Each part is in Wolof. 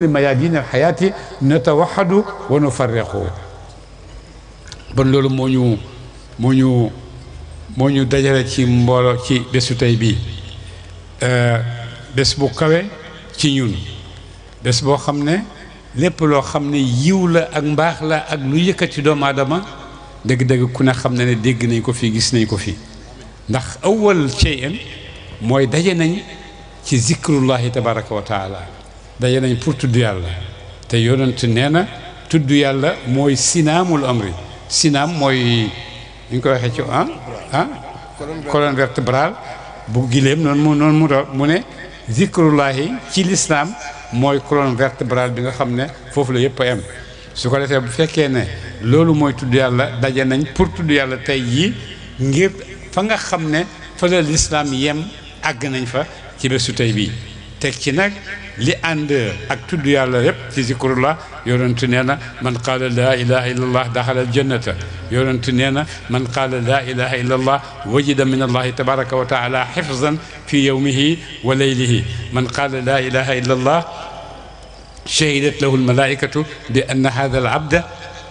ميادين الحياة نتوحد ونفرق bon loolu moo ñu moo ñu moo ñu dajale ci mbooloo ci bésu tey bii bés bu kawe ci ñun bés boo xam ne lépp loo xam ne yiw la ak mbaax la ak lu yëkkati doomu aadama dëgg-dëgg ku ne xam ne ne dégg nañ ko fii gis nañ ko fii ndax awal cheyen mooy daje nañ ci zikrullahi tabaraka wa taala daje nañ pour tudd yàlla te yonent nee na tudd yàlla mooy sinaamul amri sinaam mooy ni ñu ko waxee ci ah ah colonne vertébrale bu giléem noonu mu noonu mu mu ne zikrullahi ci lislaam mooy colonne vertébrale bi nga xam ne foofu la yëpp a am su ko defee bu fekkee ne loolu mooy tudd yàlla daje nañ pour tudd yàlla tey jii ngir fa nga xam ne fa la lislaam yem àgg nañ fa ci bésu tey bii teg ci nag li ànd ak tudd yàlla yépp ci zikrullah yonentu nee na man qaala laa ilaha illa allah daxala aljannata yonentu nee na man qaala laa ilaha illa allah wajida min allahi tabaraka wa taala xifzan fi yowmihi wa leylihi man qaala laa ilaha illa allah shahidat lahu almalaikatu bi anna hada alabda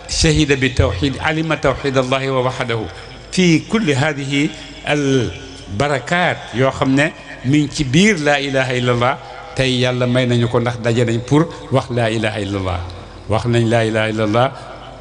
shahida bi tawxid alima tawxid allahi wa waxdahu fi kulli hadihi al barakat yoo xam ne mi ngi ci biir laa ilaha illa allah tay yàlla may nañu ko ndax daje nañ pour wax la ilaha illallah wax nañ la ilaha illallah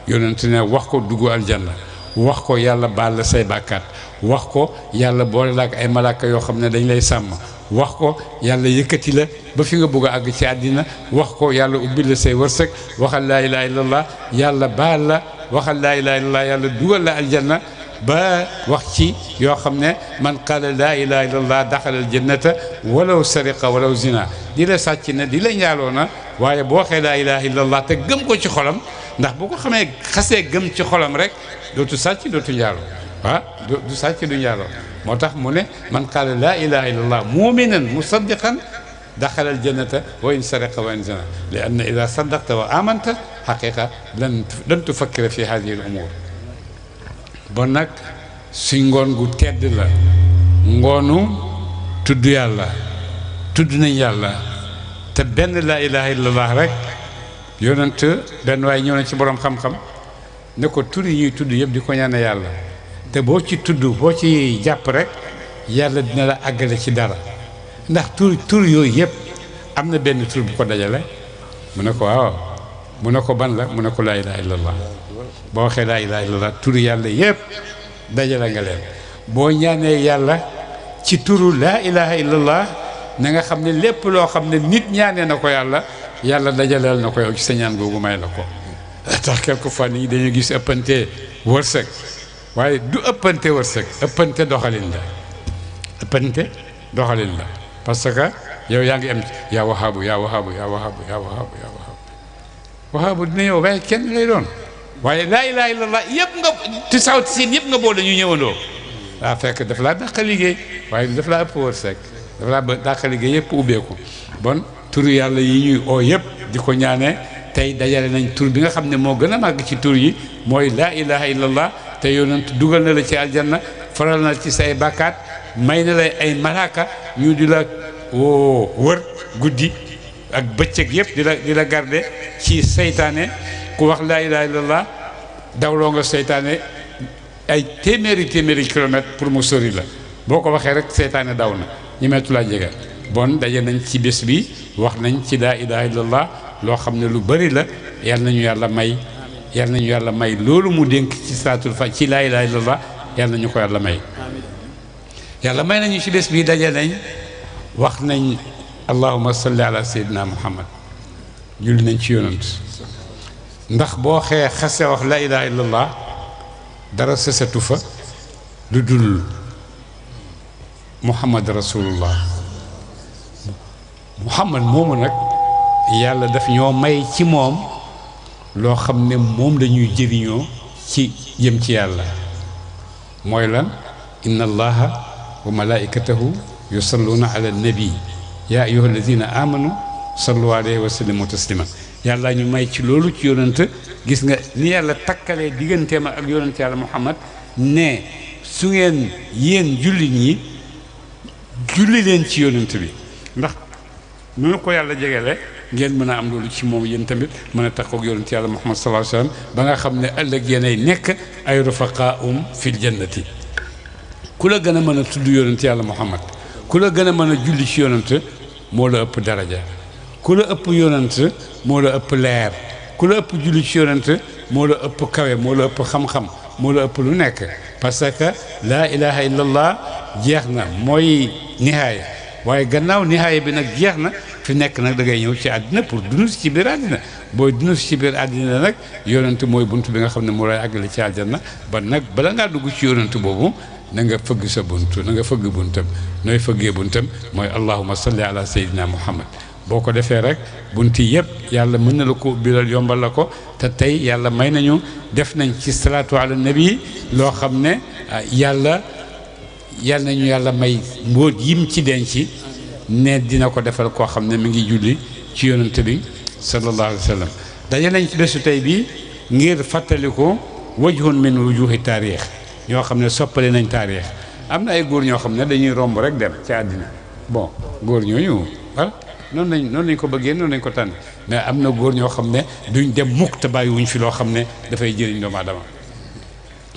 yonent wax ko duggu aljanna wax ko yàlla bal la say bakkat wax ko yàlla boole lak ay malaka yo xamné dañ lay sam wax ko yàlla yëkkati la ba fi nga bëgg ag ci adina wax ko yàlla ubbi la say wërsëg waxal la ilaha illallah yàlla bal la waxal la ilaha illallah yàlla duggal la aljanna ba wax ci yoo xam ne man qaala laa ilaha illallah daxala aljannata walaw sariqa walaw zina di la sàcc na di la njaaloo na waaye boo waxee laa ilaha illallah te gëm ko ci xolam ndax bu ko xamee xasee gëm ci xolam rek dootu sàcc dootu njaaloo ah du sàcc du njaaloo moo tax mu ne man qaala laa ilaha illallah muminan musaddiqan دخل الجنة وإن سرق وإن زنى لأن إذا صدقت وآمنت حقيقة لن لن تفكر في هذه الأمور ba nag si ngoon gu tedd la ngoonu tudd yàlla tudd nañ yàlla te benn laa ilaha illallah rek yonent benn waaye ñëw na ci boroom xam-xam ne ko tur yi ñuy tudd yëpp di ko ñaane yàlla te boo ci tudd boo ci jàpp rek yàlla dina la àggale ci dara ndax tur tur yooyu yëpp am na benn tur bu ko dajale mu ne ko waaw mu ne ko ban la mu ne ko laa ilaha illallah boo waxee laa ilaaha illallah turu yàlla yëpp dajale nga leen boo ñaanee yàlla ci turu laa ilaaha illallah na nga xam ne lépp loo xam ne nit ñaanee na ko yàlla yàlla dajaleel na ko yow ci sa ñaan googu may la ko tax quelquefois nit ñi dañu gis ëppante wërsëg waaye du ëppante wërsëg ëppante doxalin la ëppante doxalin la parce que yow yaa ngi am yaa waxaabu yaa waxaabu yaa waxaabu yaa waxaabu yaa waxaabu waxaabu dina yow waaye kenn lay doon waaye laa ilaaha illallah yëpp nga ti saw ti yëpp nga boole ñu ñëwandoo daa fekk daf laa dàq liggéey waaye daf laa ëpp wërsëg daf laa dàq liggéey yëpp ubbeeku bon tur yàlla yi ñuy oo yëpp di ko ñaanee tey dajale nañ tur bi nga xam ne moo gën a màgg ci tur yi mooy laa ilaaha illallah te yonent dugal na la ci aljanna faral na ci say bàkkaat may na la ay malaaka ñu di la wër guddi ak bëccëg yëpp di la di la garde ci seytaane ku wax laa ilaha illallah dawloo nga seytaane ay téeméeri téeméeri kilomètre pour mu sori la boo ko waxee rek seytaane daw na ñemeetu laa jege bon daje nañ ci bés bi wax nañ ci laa ilaha illallah loo xam ne lu bëri la yal nañu yàlla may yal nañu yàlla may loolu mu dénk ci salaatul fa ci laa ilaha illallah yal nañu ko yàlla may yàlla may nañu ci bés bi daje nañ wax nañ allahuma salli ala sayyidina muhammad julli nañ ci yonant ndax boo xee xase wax la ilaha illallah dara sësatu fa lu dul muhammad rasulullah muhammad moomu nag yàlla daf ñoo may ci moom loo xam ne moom lañuy jëriñoo ci jëm ci yàlla mooy lan inna allaha wa malaikatahu yusalluna ala nabi ya ayuha alladina amanu sallu alayhi wa sallimu taslima yàlla ñu may ci loolu ci yonent gis nga ni yàlla takkalee digganteem ak yonent yàlla muhammad ne su ngeen yéen julli ñi julli leen ci yonent bi ndax nu ko yàlla jegele ngeen mën am loolu ci moom yéen tamit mën a yonent yàlla muhammad sallallahu alayhi wasallam ba nga xam ne ëllëg yéenay nekk ay rufaqaa um fil jannati ku la gën a mën a tudd yonent yàlla muhammad ku la gën julli ci yonent moo la ëpp daraja ku la ëpp yonent moo la ëpp leer ku la ëpp julli ci yonent moo la ëpp kawe moo la ëpp xam-xam moo la ëpp lu nekk parce que laa ilaha illallah jeex na mooy nihaaya waaye gannaaw nihaaya bi nag jeex na fi nekk nag da ngay ñëw ci àddina pour dund si ci biir àddina booy dund si ci biir àddina nag yonent mooy bunt bi nga xam ne moo lay àggale ci àjjana ba nag bala ngaa dugg ci yonent boobu na nga fëgg sa bunt na nga fëgg buntam nooy fëggee buntam mooy allahuma salli ala sayyidina muhammad boko defé rek bunti yëpp yàlla mën na la ko biral yombal la ko ta tay yàlla may nañu def nañ ci salatu ala nabi lo xamne yàlla yàlla nañu yàlla may mbot yim ci denc ne dina ko defal ko xamne mi ngi julli ci yonent bi sallallahu alayhi wasallam sallam daje nañ ci bésu tay bi ngir fataliko wajhun min wujuhit tarikh ño xamne ne soppale nañ tarikh amna ay góor ño xamne dañuy romb rek dem ci adina bon góor ñooñu wala noonu lañ noonu lañ ko bëggee noonu lañ ko tànn mais am na góor ñoo xam ne duñ dem mukk te bàyyi wuñ fi loo xam ne dafay jëriñ doomu aadama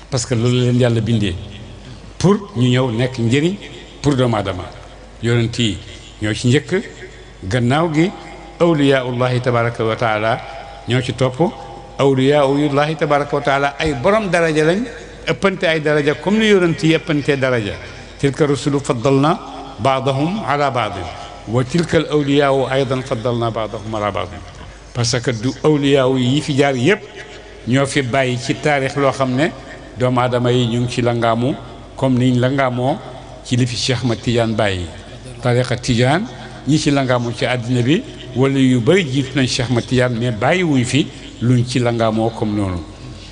parce que loolu leen yàlla bindee pour ñu ñëw nekk njëriñ pour doomu aadama yonent yi ñoo ci njëkk gannaaw gi awliyaullahi tabaraka wa taala ñoo ci topp awliyaullahi tabaraka wa taala ay borom daraja lañ ëppante ay daraja comme ni yonent yi ëppante daraja tilka rusulu faddalna baadahum ala baadin وتلك الأولياء أيضا فضلنا بعضهم على بعض باسكا دو أولياء يي في جار ييب ньо في باي في تاريخ لو خامني دوما داماي نيون سي لانغامو كوم نين لانغامو سي لي في شيخ متيان باي طريقه تيجان ني سي لانغامو سي ادنا بي ولا يو باي جيف نان شيخ متيان مي باي وي في لون سي لانغامو كوم نونو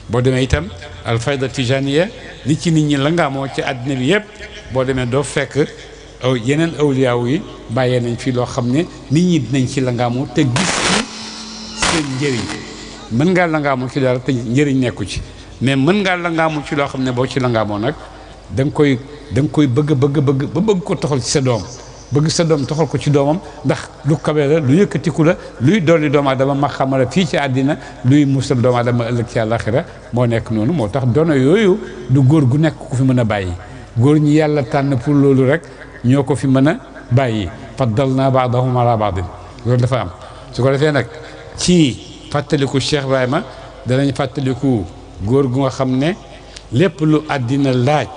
بو دمي تام الفايده تيجانيه ني سي نين ني لانغامو سي ادنا بي ييب بو دمي دو فك aw euh, yeneen awliyaaw yi bàyyee nañ fi loo xam ne nit ñi dinañ ci langaamu te gis ci seen njëriñ mën ngaa langaamu ci dara te njëriñ nekku ci mais mën ngaa langaamu ci loo xam ne boo ci langaamoo nag danga koy da koy bëgg bëgg bëgg ba bëgg ko toxal ci sa doom bëgg sa doom toxal ko ci doomam ndax lu kawe la lu yëkkatiku la luy dolli doomaa dama ma xamala fii ci àddina luy musal doomaa dama ëllëg ci àllaaxira moo nekk noonu moo tax dono yooyu du góor gu nekk ku fi mën a bàyyi góor rek ñoo ko fi mën a bàyyi faddalna baadahum ala baadin loolu dafa am su ko defee nag ci fàttaliku Cheikh ma danañ fàttaliku góor gu nga xam ne lépp lu àddina laaj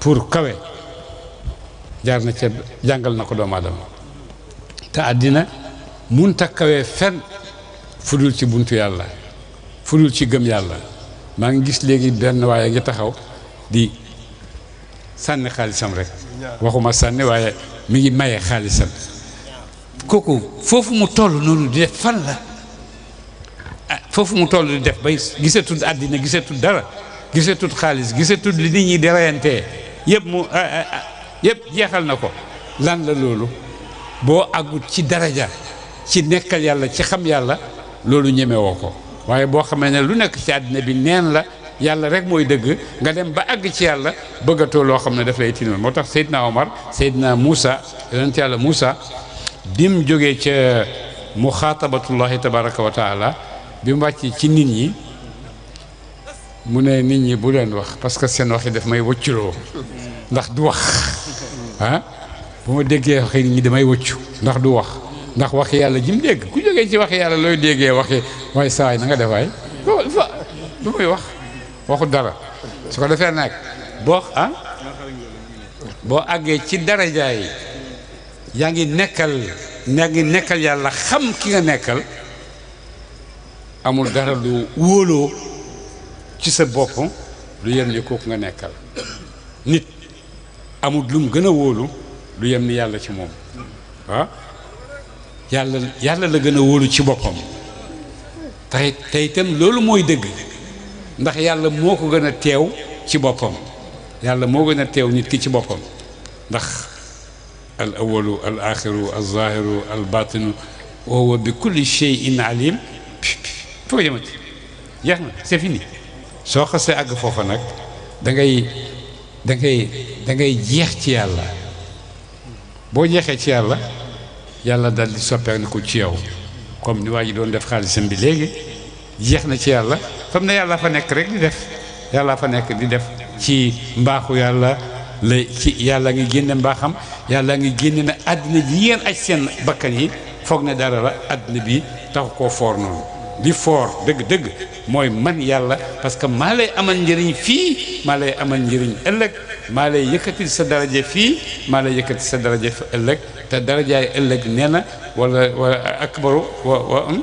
pour kawe jaar na ceeb jàngal na ko doomu adama te àddina munta kawe fenn fudul ci buntu yàlla fudul ci gëm yàlla maa ngi gis léegi benn waaye ngi taxaw di sànni xaalisam rek waxuma sànni waaye mu ngi maye xaalisam kooku foofu mu toll noonu di def fan la ah, foofu mu toll di def bay gisatul àddina gisatul dara gisatul xaalis gisatul li nit ñi di reyantee yëpp mu ah, ah, yëpp jeexal na ko lan la loolu boo àggut ci daraja ci nekkal yàlla ci xam yàlla loolu ñemewoo ko waaye boo xamee ne lu nekk ci àddina bi neen la yàlla rek mooy dëgg nga dem ba àgg ci yàlla bëggatoo loo xam ne daf lay tinoon moo tax Seydina Omar Seydina Moussa yonent yàlla Moussa mu jógee ca muxaatabatullahi tabaraka wa taala bi mu wàcc ci nit ñi mu ne nit ñi bu leen wax parce que seen wax yi daf may wëcculoo ndax du wax ah déggee waxi ñi damay wëccu ndax du wax ndax waxi yàlla jim dégg ku jógee ci wax yàlla looy déggee waxi waaye saa yi na nga def du may wax waxut dara su ko defee nag boo ah boo àggee ci daraja yi yaa ngi nekkal yaa ngi nekkal yàlla xam ki nga nekkal amul dara lu wóoloo ci sa bopp lu yem ni kooku nga nekkal nit amul lu mu gën a wóolu lu yem ni yàlla ci moom waaw ah? yàlla yàlla la gën a wóolu ci boppam tey tey loolu mooy dëgg ndax yàlla moo ko gën a teew ci boppam yàlla moo gën a teew nit ki ci boppam ndax al awalu al axiru al zahiru al batinu wa huwa bi kulli shay'in alim fo yëmati jeex na c'est fini soo xasee àgg foofa nag da ngay da ngay da ngay jeex ci yàlla boo jeexee ci yàlla yàlla dal di soppeeku ci yow comme ni waa ji doon def xaalisam bi léegi jeex na ci yàlla xam na yàlla fa nekk rek di def yàlla fa nekk di def ci mbaaxu yàlla la ci yàlla ngi génne mbaaxam yàlla ngi génne na àddina bi yéen aj seen bakkan yi foog na dara la àddina bi taxu ko foor noonu li foor dëgg-dëgg mooy man yàlla parce que maa lay amal njëriñ fii maa lay amal njëriñ ëllëg maa lay yëkkati sa daraja fii maa lay yëkkati sa daraja fa ëllëg te darajaay ëllëg nee na wala wala akbaru wa wa um,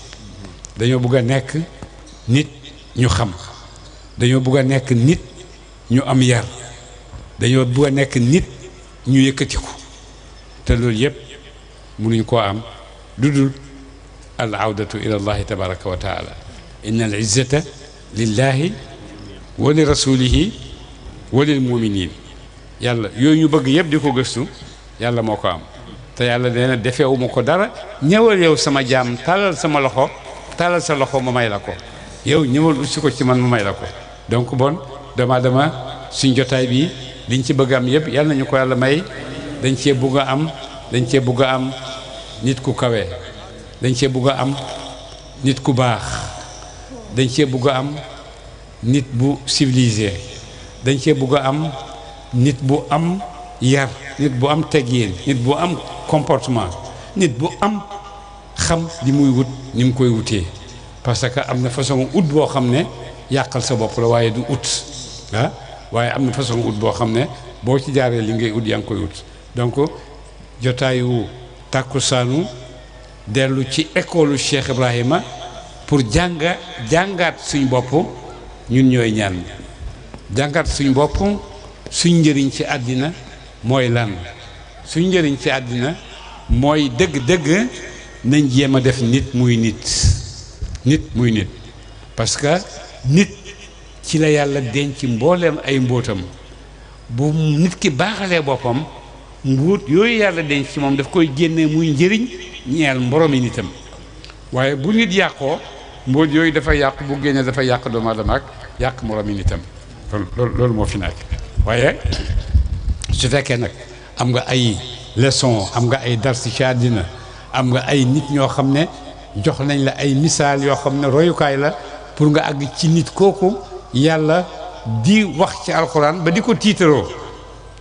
dañoo bëgg a nekk nit ñu xam dañoo bëgg a nekk nit ñu am yar dañoo bëgg a nekk nit ñu yëkkatiku te loolu yëpp mënuñ koo am lu al awdatu ila allahi tabaraka wa taala inna al izzata lillahi wa li rasulihi wa lil muminin yàlla yooyu ñu bëgg yëpp di ko gëstu yàlla moo ko am te yàlla nee na ko dara ñëwal yow sama jaam talal sama loxo taalal sa loxo ma may la ko yow ñëwal ut si ko ci man ma may la ko donc bon dama dama suñ jotaay bi liñ ci bëgg am yëpp yal ñu ko yàlla may dañ cee bugg am dañ cee bugg am nit ku kawe dañ cee bugg am nit ku baax dañ cee bugg a am nit bu civilisé dañ cee bugg a am nit bu am yar nit bu am teggin nit bu am comportement nit bu am xam li muy wut ni mu koy wutee parce que am na façon ut boo xam ne yàqal sa bopp la waaye du ut ah waaye am na façon ut boo xam ne boo ci jaaree li ngay ut yaa ngi koy ut donc jotaayu tàkkusaanu dellu ci école Cheikh Ibrahima pour jànga jàngaat suñ bopp ñun ñooy ñaan jàngaat suñ bopp suñ njëriñ ci àddina mooy lan suñ njëriñ ci àddina mooy dëgg-dëgg nañ jéem a def nit muy nit nit muy nit parce que nit ci la yàlla denc mboolem ay mbóotam bu nit ki baaxalee boppam mbuut yooyu yàlla denc ci moom daf koy génnee muy njëriñ ñeel mboroomi nitam waaye bu nit yàqoo mbóot yooyu dafa yàq bu génnee dafa yàq doomu aadama ak yàq moroomi nitam loolu loolu moo fi nekk waaye su fekkee nag am nga ay leçon am nga ay dar ci àddina am nga ay nit ñoo xam ne jox nañ la ay misaal yoo xam ne royukaay la pour nga àgg ci nit kooku yàlla di wax ci alxuraan ba di ko tiitaroo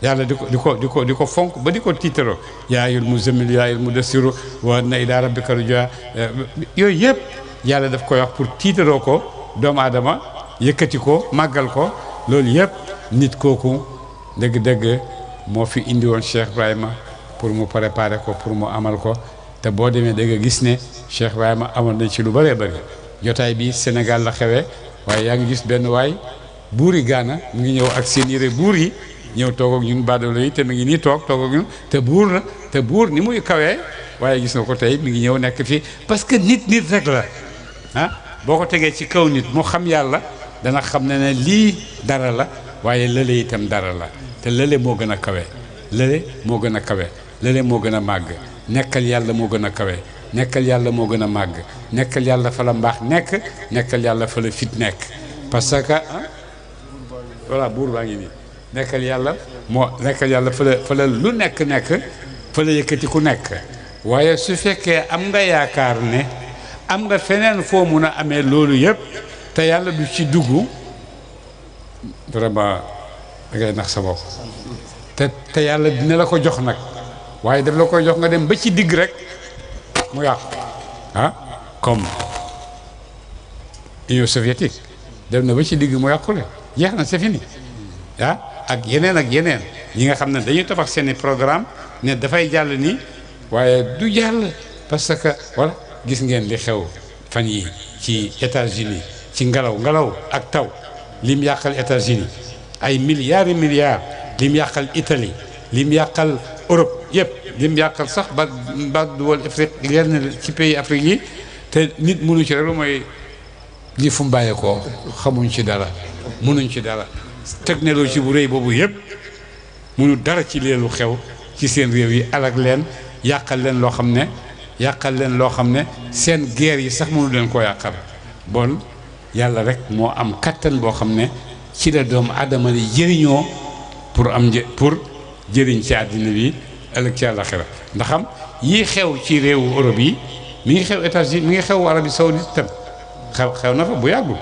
yàlla di ko di ko di ko di ko fonk ba di ko tiitaroo yaayul mu zëmil yaayul mu dasiru wa na ila rabbika rujaa yooyu yëpp yàlla daf koy wax pour tiitaroo ko doomu aadama yëkkati ko màggal ko loolu yëpp nit kooku dëgg-dëgg moo fi indi woon Cheikh Ibrahima pour mu préparer ko pour mu amal ko te boo demee da nga gis ne Cheikh ma amoon nañ ci lu bëree bëri jotaay bi Sénégal la xewee waaye yaa ngi gis benn waay buuri Gaana mu ngi ñëw ak seen yére buur yi ñëw toog ak ñun baadoolo yi te mu ngi nii toog toog ak ñun te buur na te buur ni muy kawee waaye gis na ko tey mu ngi ñëw nekk fi parce que nit nit rek la ah boo ko tegee ci kaw nit mu xam yàlla dana xam ne ne lii dara la waaye lële itam dara la te lële moo gën a kawe lële moo gën a kawe lële moo gën a màgg nekkal yàlla moo gën a kawe nekkal yàlla moo gën a màgg nekkal yàlla fa la mbaax nekk nekkal yàlla fa la fit nekk parce que ah, voilà buur baa yàlla moo nekkal yàlla fa la lu nekk nekk fa la yëkkati ku nekk waaye su fekkee am nga yaakaar ne am nga feneen foo mun a amee loolu yëpp te yàlla du ci dugg vraiment da ngay nax sa te te yàlla dina la ko jox nag waaye daf la koy jox nga dem ba ci digg rek mu yàqu ah comme Union soviétique dem na ba ci digg mu yàqule jeex na c'est fini ah, ak yeneen ak yeneen ñi nga xam ne dañuy tabax seeni programme ne dafay jàll ni waaye du jàll parce que walla gis ngeen li xew fan yi ci États-Unis ci ngelaw ngelaw ak taw lim yàqal États-Unis ay milliar et milliards lim yàqal Italie lim yàqal Europe yëpp lim yàqal sax ba ba wala Afrique yenn ci pays Afrique yi te nit mënu ci rek mooy li fu mu koo xamuñ ci dara mënuñ ci dara technologie bu rëy boobu yëpp mënu dara ci leelu xew ci seen réew yi alag leen yàqal leen loo xam ne yàqal leen loo xam ne seen guerre yi sax mënu leen koo yàqal bon yàlla rek moo am kattan boo xam ne ci la doomu aadama yi jëriñoo pour am një pour. jëriñ ci àddina bi ëllëg ci alakhira ndax xam yi xew ci réewu Europe yi mi ngi xew États-Unis mi ngi xew Arabie Saoudite tam xew xew na fa bu yàggul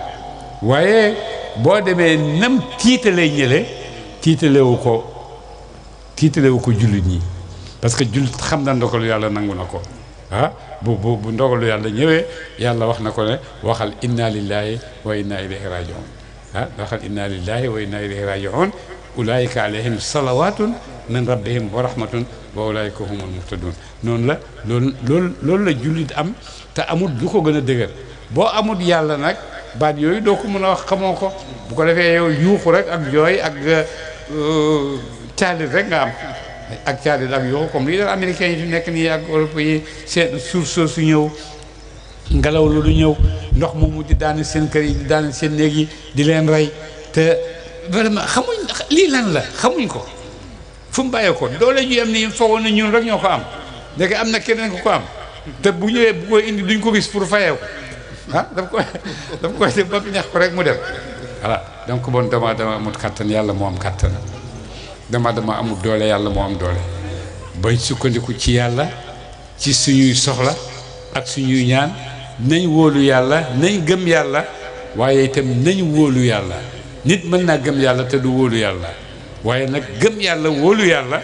waaye boo demee nam lay ñële wu ko wu ko jullit ñi parce que jullit xam na ndogalu yàlla nangu na ko ah bu bu bu ndogalu yàlla ñëwee yàlla wax na ko ne waxal inna lillahi wa inna ilayhi rajiun ah waxal inna lillahi wa inna ilayhi rajiun ulaayika alayhim salawaatun min rabbihim wa rahmatun wa ulaayika humul muhtadun noonu la loolu loolu loolu la jullit am te amul lu ko gën a dëgër boo amul yàlla nag baat yooyu doo ko mën a wax xamoo ko bu ko defee yow yuuxu rek ak yooy ak euh, caalit rek nga am ak caalit ak yuuxu comme lii dal américains yi fi nekk nii ak europe yi seen suuf soosu ñëw ngelaw loolu ñëw ndox mu di daane seen kër yi di daane seen néeg yi di leen rey te vraiment xamuñ lii lan la xamuñ ko fu mu bàyyeekoon doole ju am ni foogoon na ñun rek ñoo ko am léegi am na keneen ku ko am te bu ñëwee bu koy indi duñ ko gis pour fayee ko ah daf koy daf koy def ba ñax ko rek mu dem voilà donc bon dama dama amut kàttan yàlla moo am kàttan dama dama amut doole yàlla moo am doole bañ sukkandiku ci yàlla ci suñuy soxla ak suñuy ñaan nañ wóolu yàlla nañ gëm yàlla waaye itam nañ wóolu yàlla nit mën naa gëm yàlla te du wóolu yàlla waaye nag gëm yàlla wóolu yàlla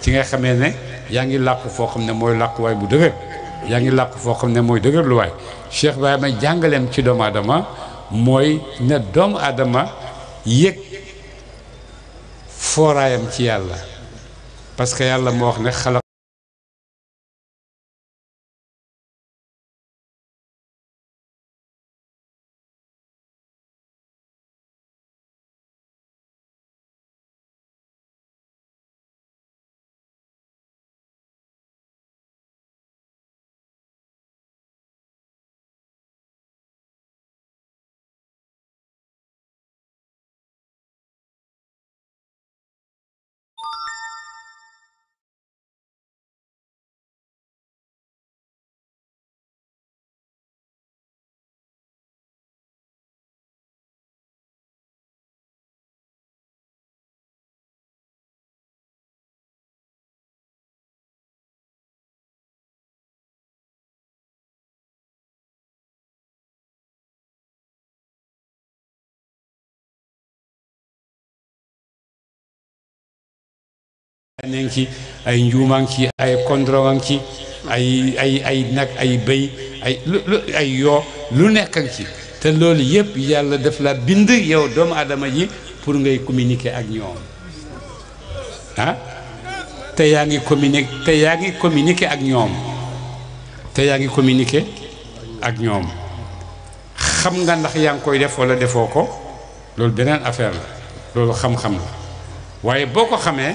ci nga xamee ne yaa ngi làqu foo xam ne mooy làquwaay bu dëgër yaa ngi làqu foo xam ne mooy dëgër lu waay Cheikh Baye may jàngaleem ci doomu adama mooy ne doomu aadama yëg fooraayam ci yàlla parce yàlla moo wax ne xalaq nen ci ay njuumaan ci ay kondroŋan ci ay ay ay nag ay bëy ay lu yoo lu nekkan ci te loolu yëpp yàlla def la bind yow doomu aadama ji pour ngay communiquer ak ñoom ah te yaa ngi communiquer te ak ñoom te yaa ngi communiquer ak ñoom xam nga ndax yaa ngi koy def walla defoo ko loolu beneen affaire la loolu xam-xam la waaye boo ko xamee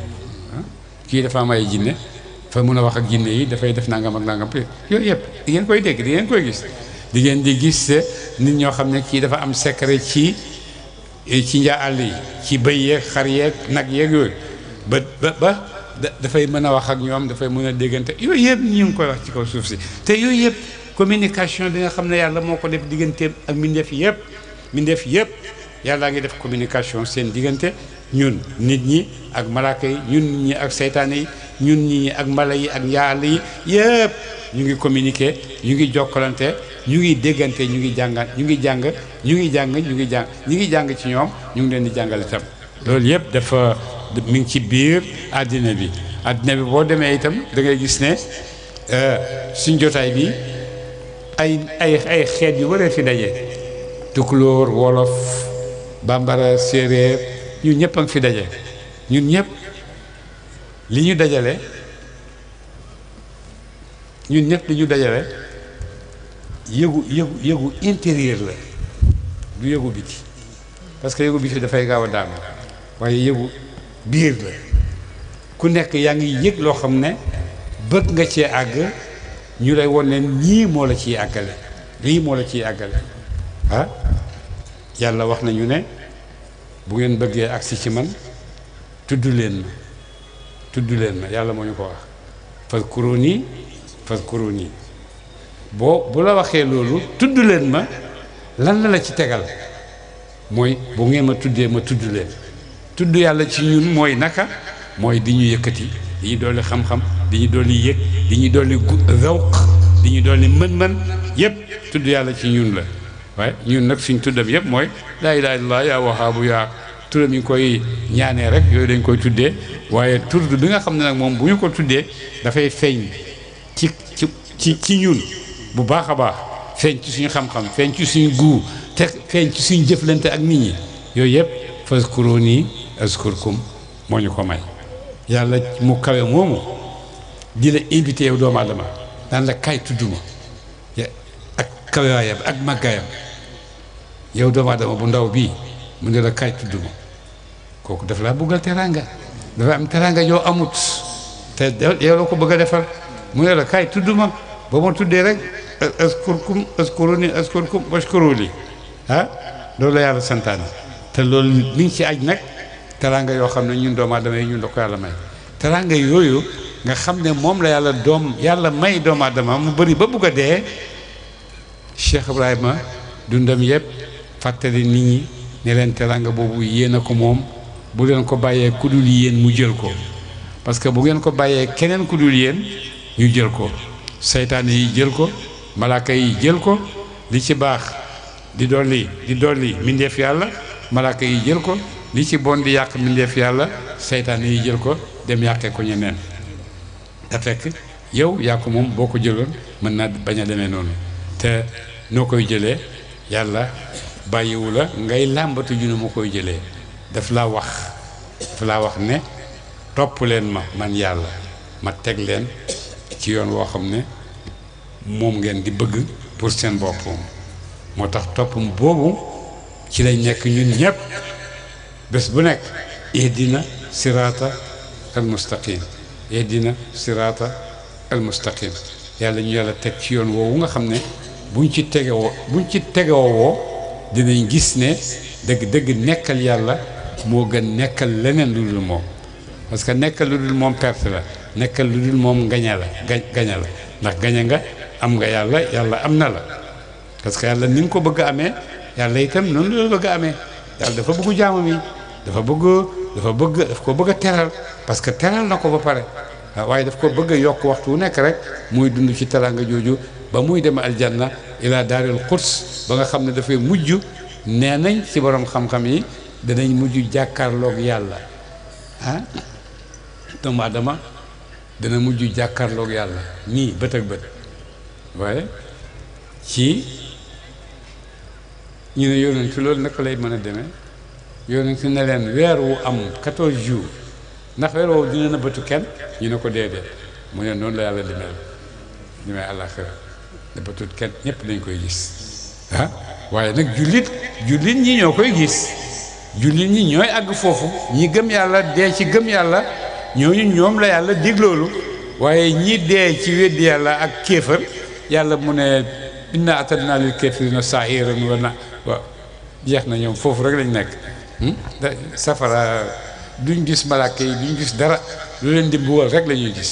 kii dafa am jinne dafa mun a wax ak jinne yi dafay def nangam ak nangam yooyu yëpp di koy dégg di koy gis di ngeen di gis nit ñoo xam ne kii dafa am secret ci ci njaa àll yi ci bëy yeeg xar yeeg nag yeeg yooyu ba ba ba dafay mën a wax ak ñoom dafay mën a déggante yooyu yëpp ñu ngi koy wax ci kaw suuf si te yooyu yëpp communication bi nga xam ne yàlla moo ko def digganteem ak mbindeef yëpp mbindeef yëpp yàllaa ngi def communication seen diggante ñun nit ñi ak malaaka yi ñun nit ñi ak seytaane yi ñun nit ñi ak mala yi ak yàlla yi yëpp ñu ngi communiquer ñu ngi jokkalante ñu ngi déggante ñu ngi jàngal ñu ngi jàng ñu ngi jàng ñu ngi jàng ñu ngi jàng ci ñoom ñu ngi leen di jàngale itam loolu yëpp dafa mi ngi ci biir àddina bi àddina bi boo demee itam dangay gis ne euh, suñ jotaay bi ay ay xeet yu waree fi daje tukulóor wolof bambara séeréer ñun ñëpp a ngi fi daje ñun ñëpp li ñu dajale ñun ñëpp li ñu dajale yëgu yëgu yëgu intérieur la du yëgu biti parce que yëgu biti dafay gaaw a daanu waaye yëgu biir la ku nekk yaa ngi yëg loo xam ne bëgg nga cee àgg ñu lay won leen ñii moo la ciy àggale lii moo la ciy àggale ah yàlla wax nañu ne bu ngeen bëggee agsi ci man tudd leen ma tudd leen ma yàlla moo ñu ko wax fazkuruni fazkuruni boo bu la waxee loolu tudd leen ma lan la la ci tegal mooy bu ngeen ma tuddee ma tudd leen tudd yàlla ci ñun mooy naka mooy di ñu yëkkati di ñu dolli xam-xam di ñu dolli yëg di ñu dolli zawq di ñu dolli mën man yépp tudd yàlla ci ñun la waaye ñun nag suñ tuddam yëpp mooy laa ilaaha illallaah yaa wahaabu yaa turam yi koy ñaanee rek yooyu dañ koy tuddee waaye tur bi nga xam ne nag moom bu ñu ko tuddee dafay feeñ ci ci ci ci ñun bu baax a baax feeñ ci suñu xam-xam feeñ ci suñu guu te feeñ ci suñu jëflante ak nit ñi yooyu yëpp fazkuruni azkurkum moo ñu ko may yàlla mu kawe moomu di la invité yow doomu aadama daan la kaay tudd ma kawaayam ak màggaayam yow doomu aadama bu ndaw bii mu ne la kaay tudd ma kooku daf laa bëggal teraanga dafa am teraanga yoo amut te yow la ko bëgg a defal mu ne la kaay tudd ma ba ma tuddee rek askurkum askuruni askurkum washkuruli ah loolu la yàlla santaane te loolu liñ ci aj nag teraanga yoo xam ne ñun doomu aadama yi ñun la ko yàlla may teraanga yooyu nga xam ne moom la yàlla doom yàlla may doomu aadama mu bari ba bugg dee Cheikh Ibrahima dundam yëpp fàttali nit ñi ne leen teranga boobu yéen a ko moom bu leen ko bàyyee ku dul yéen mu jël ko parce que bu ngeen ko bàyyee keneen ku dul yéen ñu jël ko seytaane yi jël ko malaaka yi jël ko li ci baax di dolli di dolli mindeef yàlla malaaka yi jël ko li ci bon di yàq mindeef yàlla seytaane yi jël ko dem yàqee ko ñeneen te fekk yow yaa ko moom boo ko jëloon mën naa bañ a demee noonu noo koy jëlee yàlla bàyyiwu la ngay làmbatu ju ne ma koy jëlee daf la wax daf laa wax ne topp leen ma man yàlla ma teg leen ci yoon woo xam ne moom ngeen di bëgg pour seen boppam moo tax toppam boobu ci la nekk ñun ñëpp bés bu nekk ihdina sirata al mustaqim ihdina sirata al mustaqim yàlla ñu yàlla teg ci yoon woowu nga xam ne buñ ci tegewoo buñ ci tegewoo dinañ gis ne dëgg dëgg nekkal yàlla moo gën nekkal leneen lu dul moom parce que nekkal lu dul moom perte la nekkal lu dul moom gaña la gaña la ndax gaña nga am nga yàlla yàlla am na la parce que yàlla ni nga ko bëgg a amee yàlla itam noonu la bëgg amee yàlla dafa bëggu jaamam yi dafa bëgg dafa bëgg daf ko bëgg teral parce que teral na ko ba pare waaye daf ko bëgg a yokk waxtu wu nekk rek muy dund ci teranga jooju ba muy dem aljanna ilaa daaril quds ba nga xam ne dafay mujj nee nañ ci borom xam-xam yi danañ mujj jàkkarloog yàlla ah doomu aadama dana mujj jàkkaarloog yàlla nii bët ak bët waaye ci ñu ne yoon yonent loolu naka lay mën a demee yonent ne leen weer wu am 14 jours ndax weer woowu dina nëbbatu kenn ñu ne ko déedéet mu ne noonu la yàlla demee demee àllaaxira nëbbatut kenn ñëpp lañ koy gis ah? waaye nag jullit jullit ñi ñoo koy gis jullit ñi ñooy àgg foofu ñi gëm yàlla dee ci gëm yàlla ñooñu ñoom la yàlla dig waaye ñi dee ci weddi yàlla ak kéefër yàlla mu ne na inna atadna lil kaafiriina sa'iiran wa na waaw jeex na ñoom foofu rek lañ nekk hmm? safara duñ gis malaaka yi duñ gis dara lu leen di mbugal rek lañuy gis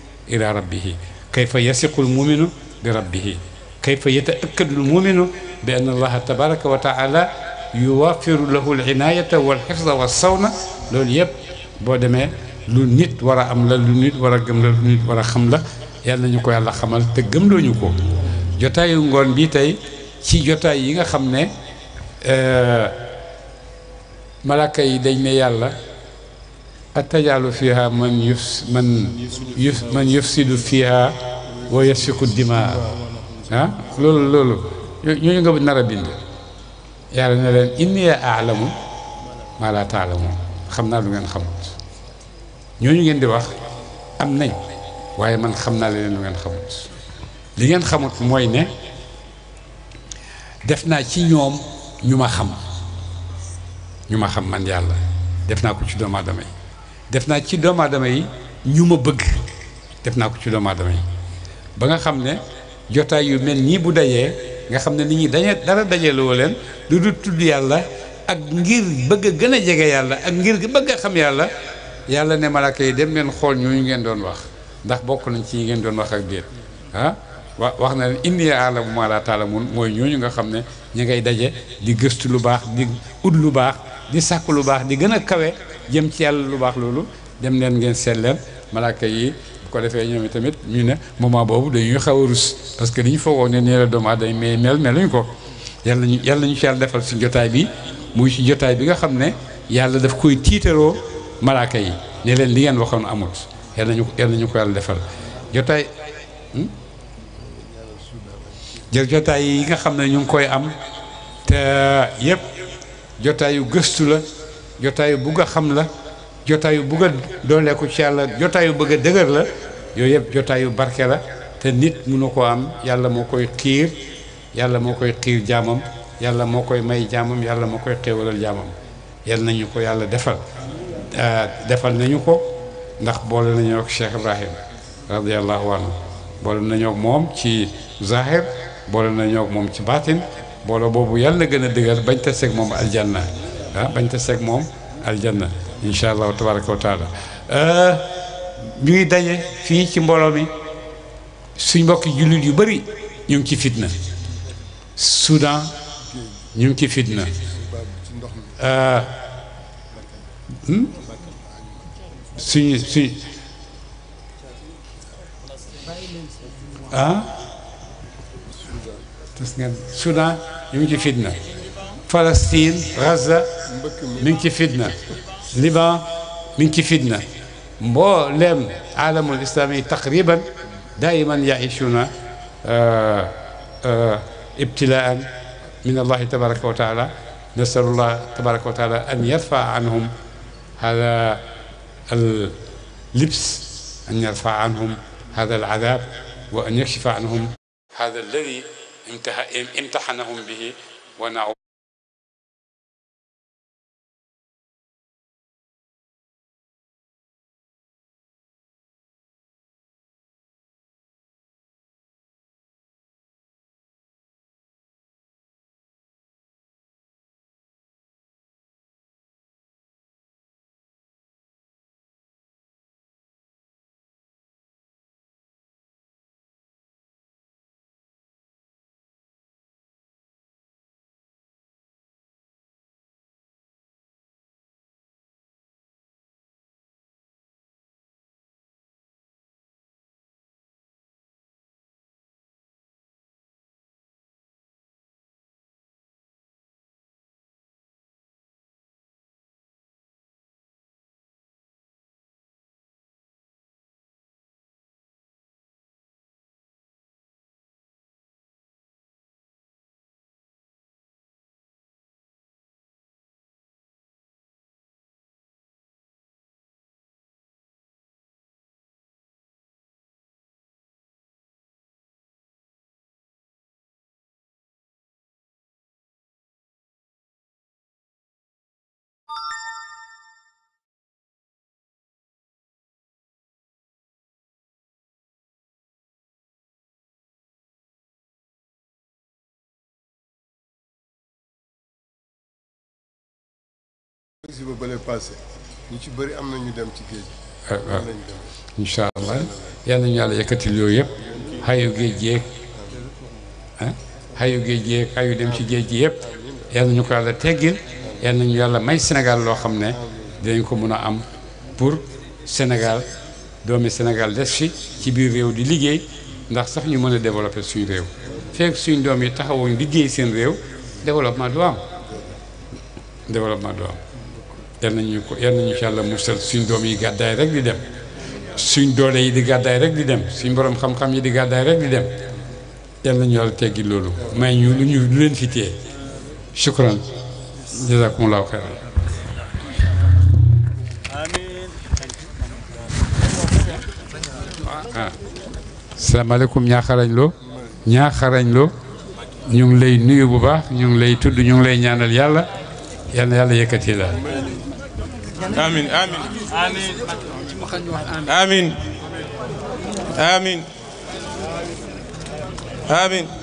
إلى ربه كيف يثق المؤمن بربه كيف يتأكد المؤمن بأن الله تبارك وتعالى يوفر له العناية والحفظ والصون لول يب بودما لو نيت ورا ام لا لو نيت ورا گم لا لو نيت ورا خم لا يالا نيو كو يالا خمال تي گم لو نيو كو جوتاي غون بي تاي سي جوتاي ييغا خم ني ا آه، ملائكه يي دنج ني يالا أتجعل فيها من يفس من يف من يفسد فيها ويسفك الدماء ها لول لول يو يو قبل نربين يا رجال إني أعلم ما لا تعلمون خمنا لين خمت يو يو عند وقت أم نين واي من خمنا لين لين خمت لين خمت موينة دفنا كي يوم يوم خم يوم خم من يالله دفنا كل شيء ما دمي def naa ci doomaadama yi ñu ma bëgg def naa ko ci doomu yi ba nga xam ne jotaay yu mel nii bu dajee nga xam ne nit ñi dañu dara dajaloo leen lu dul tudd yàlla ak ngir bëgg a gën a jege yàlla ak ngir bëgg a xam yàlla yàlla ne malaaka yi dem ngeen xool ñooñu ngeen doon wax ndax bokk nañ ci ñu ngeen doon wax ak déet ah wax na leen inni aalamu maa laa taalamuun mooy ñooñu nga xam ne ñu ngay daje di gëstu lu baax di ut lu baax di sàkk lu baax di gën a kawe jëm ci yàlla lu bax lolu dem len ngeen seet malaka yi ko defé ñoom tamit ñu ne moment bobu dañuy xaw rus parce que li ñu ne neela la doomu aadama mais mel meluñ ko yàlla ñu yàlla ñu xel defal ci jotaay bi muy ci jotaay bi nga xamne yàlla daf koy titero malaka yi ne len li ngeen waxon amul yàlla ñu yàlla ñu ko yàlla defal jotaay jël jotaay yi nga xamne ñu ngi koy am te yëpp yu gëstu la jotaayu bugg a xam la jotaayu bugg a dooleeku ci yàlla jotaayu bëgg a dëgër la yooyu yëpp jotaayu barke la te nit mënu ko am yàlla moo koy xiir yàlla moo koy xiir jaamam yàlla moo koy may jamam yàlla moo koy xéewalal jaamam yal nañu ko yàlla defal defal nañu ko ndax boole nañoo ak Cheikh Ibrahim radiallahu anhu boole nañoo ak moom ci zahir boole nañoo ak moom ci baatin boole boobu yàlla gën a dëgër bañ taseeg moom aljanna ah bañ te seeg moom aljanna incha allahu tabaraka wa taala eh, ñu ngi daje fii ci mbooloo mi suñ mbokki jullit yu bari ñu ci fitna Soudan ñu ngi ci fitna eh, hmm? suñu suñ ah tas ñu ngi ci fitna من كفدنا لما من كفدنا مو لم عالم الإسلامي تقريبا دائما يعيشون آه، آه، ابتلاء من الله تبارك وتعالى نسأل الله تبارك وتعالى أن يرفع عنهم هذا اللبس أن يرفع عنهم هذا العذاب وأن يكشف عنهم هذا الذي امتحنهم به ونعوذ si ba bële ñu ci bëri am na ñu dem ci géej gi. waaw ah, ah. incha allah yàlla yëkkatil yooyu yëpp xayu géej gi yeeg ah géej dem ci géej gi yëpp yal nañu ko yàlla teggil yal nañu yàlla may Sénégal loo xam ne dinañ ko mën a am pour Sénégal doomi Sénégal des fi ci biir réew di liggéey ndax sax ñu mën a développer suñu réew fekk suñu doom yi taxawuñ liggéey seen réew développement du am développement du am. yal nañu ko yal nañu ci yàlla musal suñ doom yi gàddaay rek di dem suñ doole yi di gàddaay rek di dem suñ borom xam-xam yi di gàddaay rek di dem yal nañu yàlla teggi loolu may ñu lu ñu lu leen fi téye shukran jazakumullahu xeyran ah, ah. salaamaaleykum ñaaxarañ loo ñu ngi lay nuyu bu baax ñu ngi lay tudd ñu ngi lay ñaanal yàlla yal yàlla yàlla yëkkati la آمين آمين آمين آمين آمين آمين